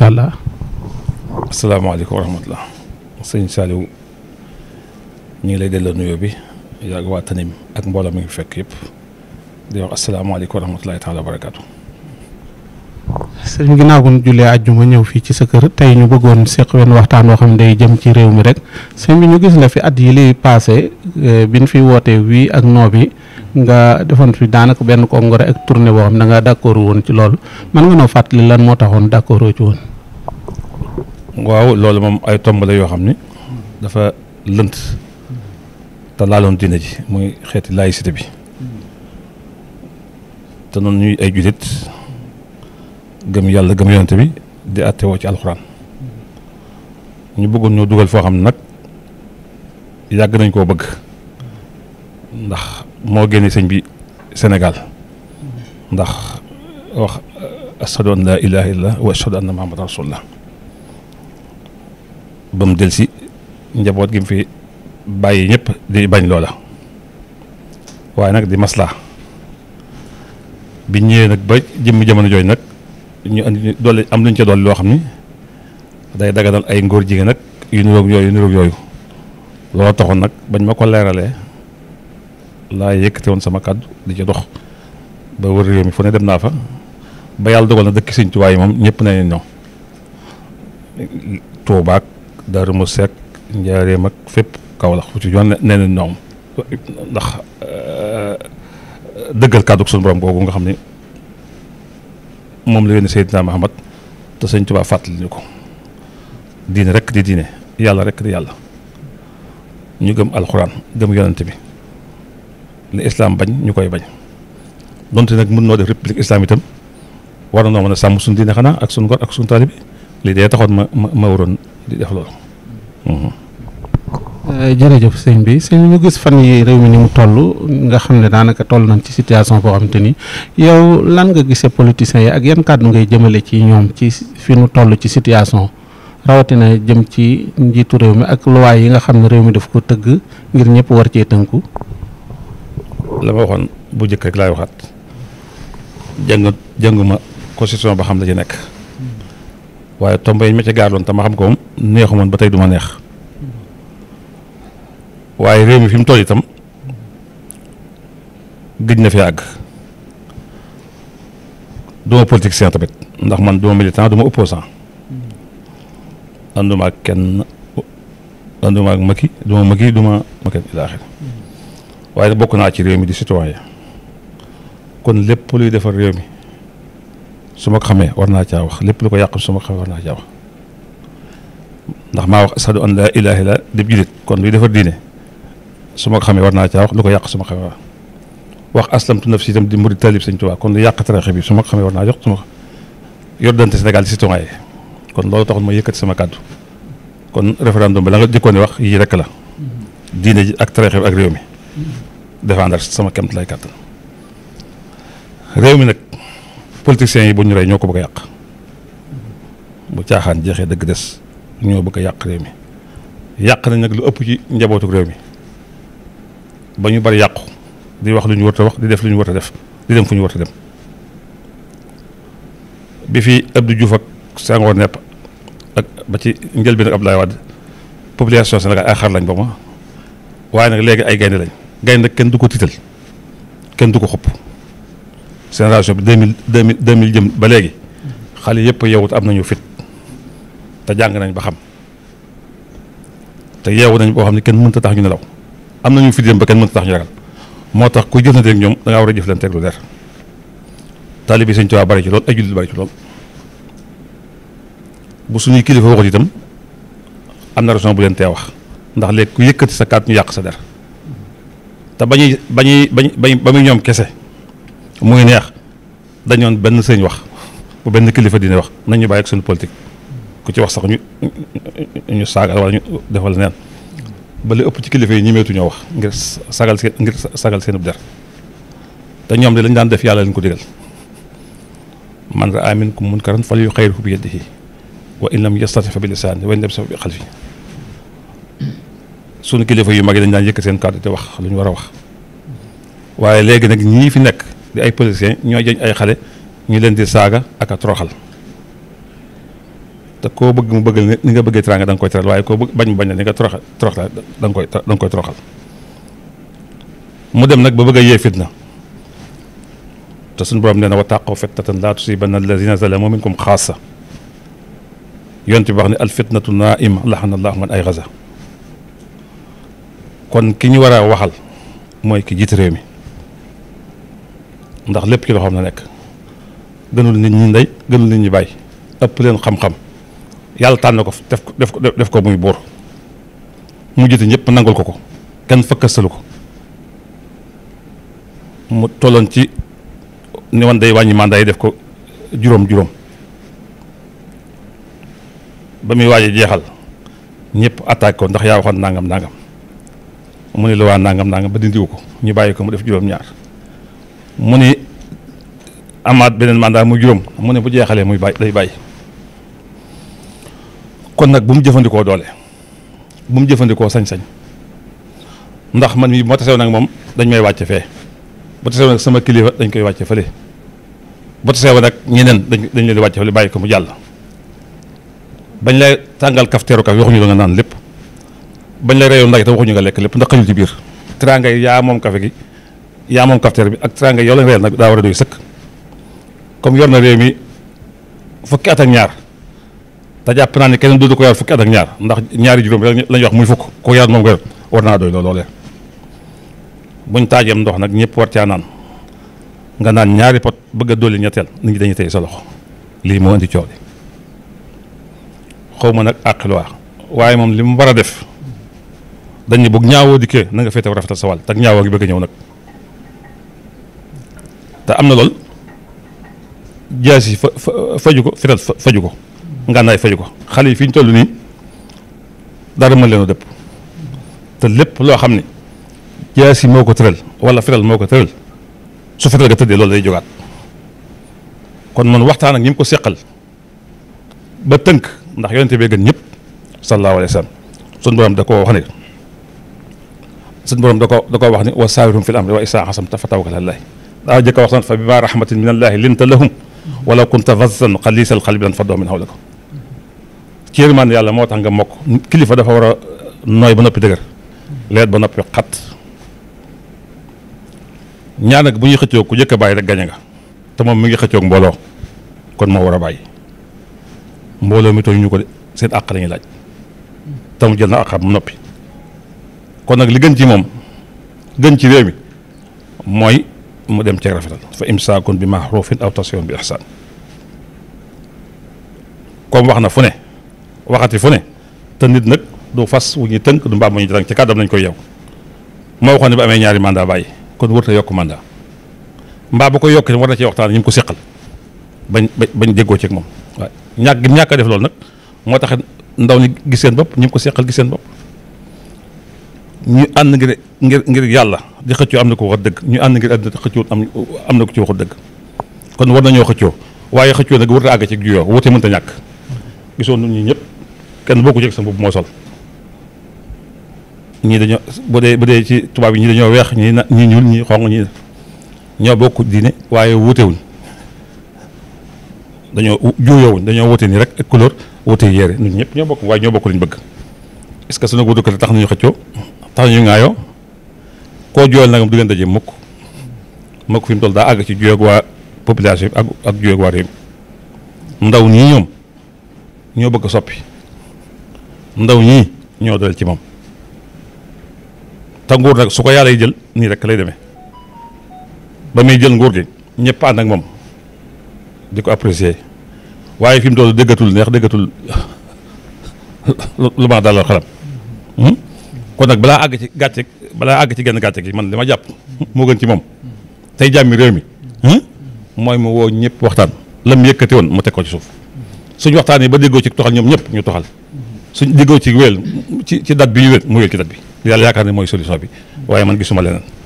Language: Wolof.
incha allah. asalaamaaleykum wa rahmatulah. sëñ ñu ngi lay delloo nuyoo bi yaa ngi waa ak mbooloo mi ngi fekk yëpp di wax asalaamaaleykum wa rahmatulahi taala wa barakaatu. sëñ bi jullee àjjuma ñëw fii ci sa kër tey ñu bëggoon seq wenn waxtaan woo xam ne day jëm ci réew mi rek sëñ bi ñu gis la fi at yi lay passé eh, bi ñu fi wootee wii ak noo bi nga defoon fi daanaka benn congrès ak tournée boo xam ne da woon ci loolu man nga noo li lan moo taxoon d'accord ci woon. waaw loolu moom ay tomb yoo xam ni dafa lënt te laaloon diine ji muy xeeti laïcité bi te noonu ñuy ay jullit gëm yàlla gëm yonent bi di àttewoo ci alxuraan ñu bëggoon ñoo dugal foo xam ne nag yàgg nañ koo bëgg ndax moo génne sëñ bi Sénégal ndax wax ashadu an laa ilaaha illallah wa ashadu anna muhammadan rasulullah ba mu delsi njaboot gi mu fi bàyyi ñëpp di bañ loola waaye nag di maslaa bi ñëwee nag ba jëmm jamono jooju nag ñu indi doole am luñ ca doole loo xam ni day daganal ay ngóor jigéen nag yu niroog yooyu yooyu looloo taxoon nag bañ ma ko leeralee laa yëkkate woon sama kàddu di ca dox ba wër réew mi ne dem naa fa ba yàlla dogal na dëkk Sëñ Tuubaa yi moom ñëpp nañ leen ñëw Darou Moukhty ak Njaaréem ak fépp Kaolack fu ci yoon nee na ñoom ndax euh, dëggal kàddu suñu borom googu nga xam ne moom la yónni Seydina Muhammad te sëñ Tuubaa fàttali ñu ko diine rek di diine yàlla rekk di yàlla ñu gëm alxuraan gëm yonante bi li islam bañ ñu koy bañ donte nag mun noo def république islam itam war na noo mën a sàmm diine xanaa ak suñu ngor ak suñu taalibi lii dee taxoon ma ma ma waroon di def loolu. Mm-hmm. Euh, jërëjëf sëñ bi sëñ bi ñu gis fan yi réew mi ni mu toll nga xam ne daanaka toll nañ ci situation boo xam te ni yow lan nga gisee politiciens yi ak yenn kàddu ngay jëmale ci ñoom ci fi nu toll ci situation rawatina jëm ci njiitu réew mi ak luwaay yi nga xam ne réew mi daf ko tëgg ngir ñëpp war cee tënku. la ma waxoon bu njëkk rek laay waxaat jëngu ma constitution ba xam la ci nekk. waaye tomb yi ma ca gaaloon te ma xam ko neexu moon ba tey du ma neex waaye réew mi fi mu toll itam gëj na fi àgg duma politicien tamit ndax man duma militant duma opposant ànduma ak kenn ànduma ak Macky duma Macky duma Macky ilaaxir waaye bokk naa ci réew mi di citoyen kon lépp luy defar réew mi su ma ko xamee war naa caa wax lépp lu ko yàq su ma ko xamee war naa caa wax ndax maa wax asadu an laa ilaaha kon luy defar diine su ma xamee war naa caa wax lu ko yàq su ma xamee wax aslamtu nafsi itam di murid talib sëñ Tuubaa kon lu yàq tariixa bi su ma ko xamee war naa jox yor dante Sénégal di citoyen yi kon loolu taxul ma yëkkati sama kàddu kon référendum bi la nga jëkkoon wax yii rek la diine ji ak tariixa bi ak réew mi défendre sama kemt lay kàttan réew mi nag politiciens yi bu ñu rey ñoo ko bëgg a yàq bu caaxaan jeexee dëgg des ñoo bëgg a yàq réew mi yàq nañ nag lu ëpp ci njabootu réew mi ba ñu bari yàqu di wax lu ñu warta wax di def lu ñu warta def di dem fu ñu warta dem bi fi Abdou Diouf ak Senghor nepp ak ba ci njëlbeen ak Abdoulaye Wade population Sénégal ay xar lañ ba ma waaye nag léegi ay gaynde lañ gaynde kenn du ko tiital kenn du ko xopp génération bi deux mille deux mille deux mille jëm ba léegi xale yëpp yeewut am nañu fit te jàng nañ ba xam te yeewu nañ boo xam ne kenn mënta tax ñu nelaw am nañu fit dem ba kenn mënta tax ñu ragal moo tax ku jëflanteeg ñoom da ngaa war a jëflanteeg lu leer taalibi Sëñ Tuubaa bari ci lool ay jullit bari ci lool bu suñuy kilifa waxut itam am na raison bu leen tee wax ndax lekk ku yëkkati sa kàddu ñu yàq sa der te bañuy bañuy bañ bañ ba muy ñoom kese muy neex dañoon benn sëñ wax bu benn kilifa dina wax nañu ñu bàyyi ak suñu politique ku ci wax sax ñu ñu saagal wala ñu defal neen ba li ëpp ci kilifa yi ñimeetu wax ngir sagal seen bu sagal seen der te ñoom de lañ daan def yàlla lañ ko digal man raa minkum munkaran falyughayyirhu bi yadihi wa in lam yastati fa bi wa in lam yastati fa bi xalfi sunu kilifa yu mag yi dañ daan seen kàddu te wax lu ñu war a wax waaye léegi nag ñii fi nekk. di ay politiciens ñoo joñ ay xale ñu leen di saaga ak troxal toroxal te koo bëgg mu bëgg ni nga bëggee teraanga da nga koy waaye koo bëgg bañ bañ la ni nga toroxa toroxla danga nga koy da nga koy toroxal mu dem nag ba bëgg a yee fitna te suñu borom nee na wa taqoo fitnatan laa tusibanna allazina zalamu minkum xaasa yont bi wax ne al fitnatu naima laxana allahu man ay gaza kon ki ñu war a waxal mooy ki jiite réew mi ndax lépp ci loxoom la nekk gënul nit ñi ndey gënul nit ñi bàyyi ëpp leen xam-xam yàlla tànn ko def ko def ko def muy buur mu jiite ñëpp nangul ko ko kenn fëkkastalu ko mu tolloon ci ni wan day wàññi mandat yi def ko juróom-juróom ba muy waaj jeexal ñëpp attaque ko ndax yaa waxoon nangam nangam mu ne la waa nangam nangam ba dindiwu ko ñu bàyyi ko mu def juróom-ñaar. mu ni amaat beneen mandat muy juróom mu ne bu jeexalee muy bàyyi day bàyyi kon nag bu mu jëfandikoo doole bu mu jëfandikoo sañ-sañ ndax man mii moo tasew nag moom dañ may wàcce fee bu tasew nag sama kilifa dañ koy wàcce fële bu tasew nag ñeneen dañ dañ leen di wàcce fële bàyyi ko mu jàll bañ lay tàngal kafteeru kaf waxuñu la nga naan lépp bañ lay reyoo ndax itam waxuñu nga lekk lépp ndax xajul ci biir teraanga yi yaa moom kafe gi yaa moom kafteer bi ak teraanga yow lañ réer nag daa war a doy sëkk comme yor na réew mi fukki at ak ñaar te jàpp naa ne keneen dootu ko yar fukki at ak ñaar ndax ñaari juróom rek la wax muy fukk ko yar moom ko war naa doy loolee buñ taajeem ndox nag ñëpp war naan nga naan ñaari pot bëgg a dolli ñetteel nit ñi dañuy tey sa loxo lii moo indi coow li xaw ma nag àq lu waaye moom li mu war a def dañ ne bu ñaawoo dikkee na nga féete rafetal sa wàll te ñaawoo gi bëgg ñëw nag. te am na lool jaasi fa faju ko fital faju ko ngànnaay faju ko xale yi fi ñu toll nii dara mën leen a dëpp te lépp loo xam ne jaasi moo ko tëral wala fital moo ko tëral su fital ga tëddee loolu day jógaat kon moon waxtaan ak ñi ko seqal ba tënk ndax yonente bee gën ñëpp sallallahu alayhi wa sallam suñ borom da koo wax ne suñ borom da ko da koo wax ne wa saawirum fil amri wa isaa xasam ta fa tawakkal allahi daa jëkk a wax san fa bima rahmatin min allaahi linta lahum wala kunta fazzan xalisal xalbi lan faddoo min hawlika ci yërmande yàlla moo tax nga mokk kilifa dafa war a nooy ba noppi dëgër leet ba noppi xat ñaar nag bu ñuy xëccoog ku jëkk a bàyyi rek gañe nga te moom mi ngi mbooloo kon moo war a bàyyi mbooloo mi tooñ ñu ko de seen àq lañuy laaj tam jël na àqam noppi kon nag li gën ci moom gën ci réew mooy mu dem cee rafetal fa imsaakun bi maxruufin aw tasirun bi ixsaan comme wax na fu ne waxati fu ne te nit nag du fas wu ñu tënk du mbaam mu ñu tënk ci kàddam lañ koy yow moo waxoon ne ba amee ñaari mandat bàyyi kon wërta yokk mandat mbaa bu ko yokk war na cee waxtaan ñu mu ko seqal bañ bañ déggoo ci ak moom waaye ñàkk ñàkk a def loolu nag moo tax ndaw ni gis bopp ñu ko seqal gis seen bopp ñu ànd ngir ngir ngir yàlla di xëccoo am na ko wax dëgg ñu ànd ngir àddina xëccoo am am na ko ci wax dëgg kon war nañoo xëccoo waaye xëccoo nag warut a àgg ci juyoo wute mënta ñàkk gisoon nañ ñi ñëpp kenn bokku ci sa bopp moo sol dañoo bu dee bu dee ci tubaab yi ñii dañoo weex ñii na ñii ñuul ñii xonq ñii ñoo bokk diine waaye wutewuñ dañoo juyoowuñ dañoo wute nii rek ak couleur wute yére ñun ñëpp ñoo bokk waaye ñoo bokk liñ bëgg est-ce que sunu gudd tax nañu xëccoo tax ñu ŋaayoo koo jooyal nag di ngeen daje mukk mukk fi mu daa àgg ci juyeg waa population ak ak juyeg waa réew ndaw ñii ñoom ñoo bëgg a soppi ndaw ñii ñoo dal ci moom te nguur nag su ko yàlla jël nii rekk lay deme ba muy jël nguur gi ñëpp ànd moom di ko apprécier waaye fi mu toll déggatul neex déggatul lu ma dalal xelam hmm? kon nag balaa àgg ci gàcce balaa àgg ci genn gàcce gi man li ma jàpp moo gën ci moom tey jàmmi réew mi mooy mu woo ñëpp waxtaan la mu yëkkati woon mu teg ko ci suuf suñu waxtaan yi ba déggoo ci toxal ñoom ñëpp ñu toxal suñ déggoo ci wéel ci ci date bi ñu wéel mu wéel ci date bi yàlla yaakaar ne mooy solution bi waaye man suma leneen